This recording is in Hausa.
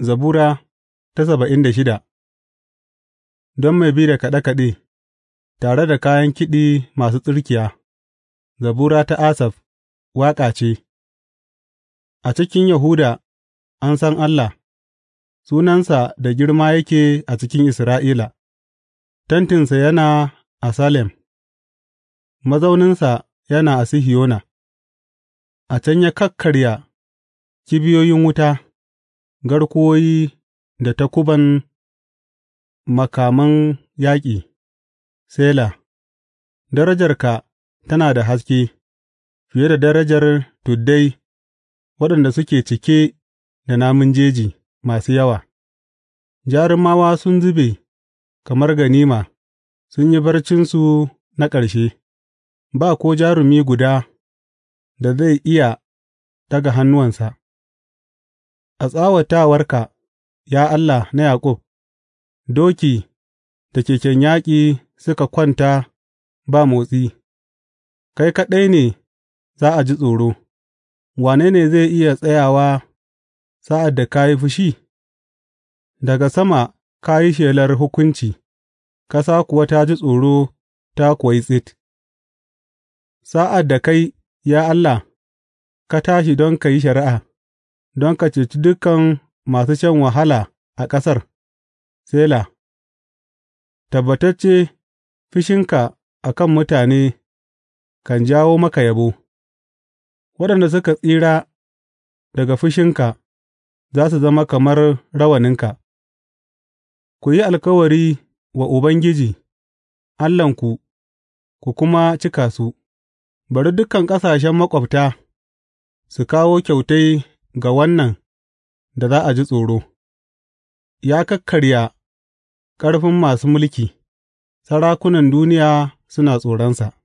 Zabura ta saba'in da shida Don mai bi da kaɗe kaɗe tare da kayan kiɗi masu tsirkiya, zabura ta Asaf waƙa ce A cikin Yahuda an san Allah, sunansa da girma yake a cikin Isra'ila; tentinsa yana a Salem, mazauninsa yana a Sihiyona, a can ya kakkarya kibiyoyin wuta. garkuwoyi da takuban makaman yaƙi. Sela Darajarka tana da haske, fiye da darajar tuddai waɗanda suke cike da namun jeji masu yawa; jarumawa sun zube kamar ganima sun yi barcinsu na ƙarshe, ba ko jarumi guda da zai iya ɗaga hannuwansa. a tsawatawarka, ya Allah na Yaƙub, doki da keken yaƙi suka kwanta ba motsi, kai kaɗai ne za a ji tsoro, wane ne zai iya tsayawa sa'ad da ka yi fushi? Daga sama ka yi shelar hukunci, ƙasa kuwa ta ji tsoro ta kuwa yi tsit. Sa'ad da kai, ya Allah, ka tashi don ka yi shari'a. don ka ceci dukan masu shan wahala a ƙasar. Sela Tabbatacce fushinka a kan mutane kan jawo maka yabo; waɗanda suka tsira daga fushinka za su zama kamar rawaninka. Ku yi alkawari wa Ubangiji Allahnku ku kuma cika su; bari dukan ƙasashen maƙwabta su kawo kyautai ga wannan da za a ji tsoro, ya kakkarya ƙarfin masu mulki; sarakunan duniya suna tsoronsa.